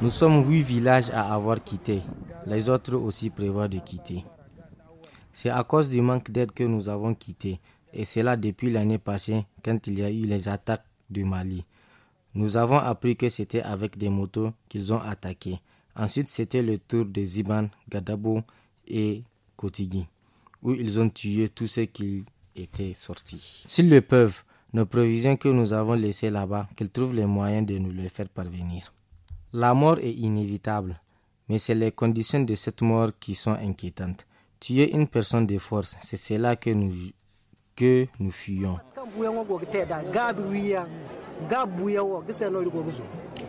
Nous sommes huit villages à avoir quitté. Les autres aussi prévoient de quitter. C'est à cause du manque d'aide que nous avons quitté. Et c'est là depuis l'année passée, quand il y a eu les attaques du Mali. Nous avons appris que c'était avec des motos qu'ils ont attaqué. Ensuite, c'était le tour de Ziban, Gadabo et Kotigi, où ils ont tué tous ceux qui étaient sortis. S'ils le peuvent, nos provisions que nous avons laissées là-bas, qu'ils trouvent les moyens de nous les faire parvenir. La mort est inévitable, mais c'est les conditions de cette mort qui sont inquiétantes. Tuer une personne de force, c'est cela que nous, que nous fuyons.